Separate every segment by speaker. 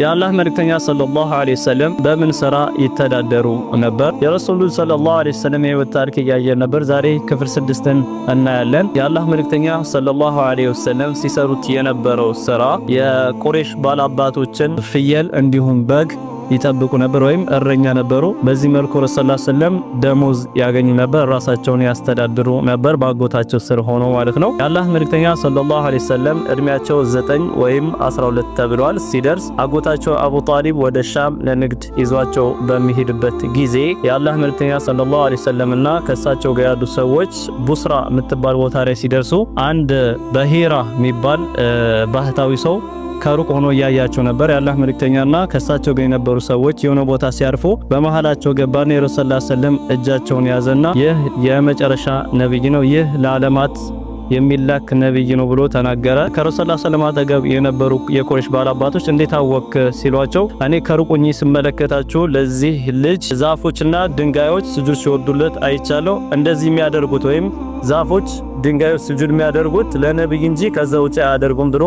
Speaker 1: የአላህ መልእክተኛ ሰለላሁ ዐለይሂ ወሰለም በምን ስራ ይተዳደሩ ነበር? የረሱሉ ሰለላሁ ዐለይሂ ወሰለም የህይወት ታሪክ እያየን ነበር። ዛሬ ክፍል ስድስትን እናያለን። የአላህ መልእክተኛ ሰለላሁ ዐለይሂ ወሰለም ሲሰሩት የነበረው ስራ የቁሬሽ ባላባቶችን ፍየል እንዲሁም በግ ይጠብቁ ነበር ወይም እረኛ ነበሩ። በዚህ መልኩ ረሱላ ሰለም ደሞዝ ያገኙ ነበር፣ ራሳቸውን ያስተዳድሩ ነበር ባጎታቸው ስር ሆኖ ማለት ነው። የአላህ መልእክተኛ ሰለላሁ ዐለይሂ ወሰለም እድሜያቸው 9 ወይም 12 ተብሏል ሲደርስ አጎታቸው አቡ ጣሊብ ወደ ሻም ለንግድ ይዟቸው በሚሄድበት ጊዜ የአላህ መልእክተኛ ሰለላሁ ዐለይሂ ወሰለምና ከእሳቸው ጋር ያሉ ሰዎች ቡስራ የምትባል ቦታ ላይ ሲደርሱ አንድ በሂራ የሚባል ባህታዊ ሰው ከሩቅ ሆኖ እያያቸው ነበር። የአላህ መልእክተኛና ከሳቸው ጋር የነበሩ ሰዎች የሆነ ቦታ ሲያርፉ በመሃላቸው ገባና የረሱል ሰለላሁ ዐለይሂ ወሰለም እጃቸውን ያዘና ይህ የመጨረሻ ነብይ ነው፣ ይህ ለዓለማት የሚላክ ነብይ ነው ብሎ ተናገረ። ከረሱል ሰለላሁ አጠገብ የነበሩ የቁረይሽ ባላባቶች እንዴት አወክ ሲሏቸው እኔ ከሩቁኝ ስመለከታችሁ ለዚህ ልጅ ዛፎችና ድንጋዮች ስጁድ ሲወርዱለት አይቻለሁ። እንደዚህ የሚያደርጉት ወይም ዛፎች ድንጋዮች ስጁድ የሚያደርጉት ለነብይ እንጂ ከዛ ውጪ አያደርጉም ብሎ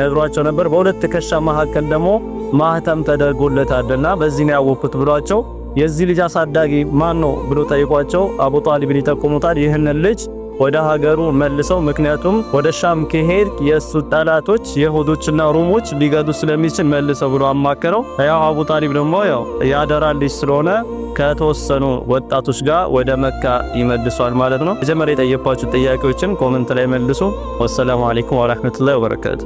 Speaker 1: ነግሯቸው ነበር። በሁለት ትከሻ መካከል ደግሞ ማህተም ተደርጎለታልና በዚህ ነው ያወቅኩት ብሏቸው የዚህ ልጅ አሳዳጊ ማን ነው ብሎ ጠይቋቸው አቡ ጣሊብን ይጠቁሙታል። ይህን ልጅ ወደ ሀገሩ መልሰው፣ ምክንያቱም ወደ ሻም ከሄድ የእሱ ጠላቶች የሁዶችና ሩሞች ሊገዱ ስለሚችል መልሰው ብሎ አማከረው። ያው አቡ ጣሊብ ደግሞ ያው ያደራ ልጅ ስለሆነ ከተወሰኑ ወጣቶች ጋር ወደ መካ ይመልሷል ማለት ነው። መጀመሪያ የጠየኳችሁ ጥያቄዎችን ኮመንት ላይ መልሱ። ወሰላሙ አለይኩም ወራህመቱላሂ ወበረካቱ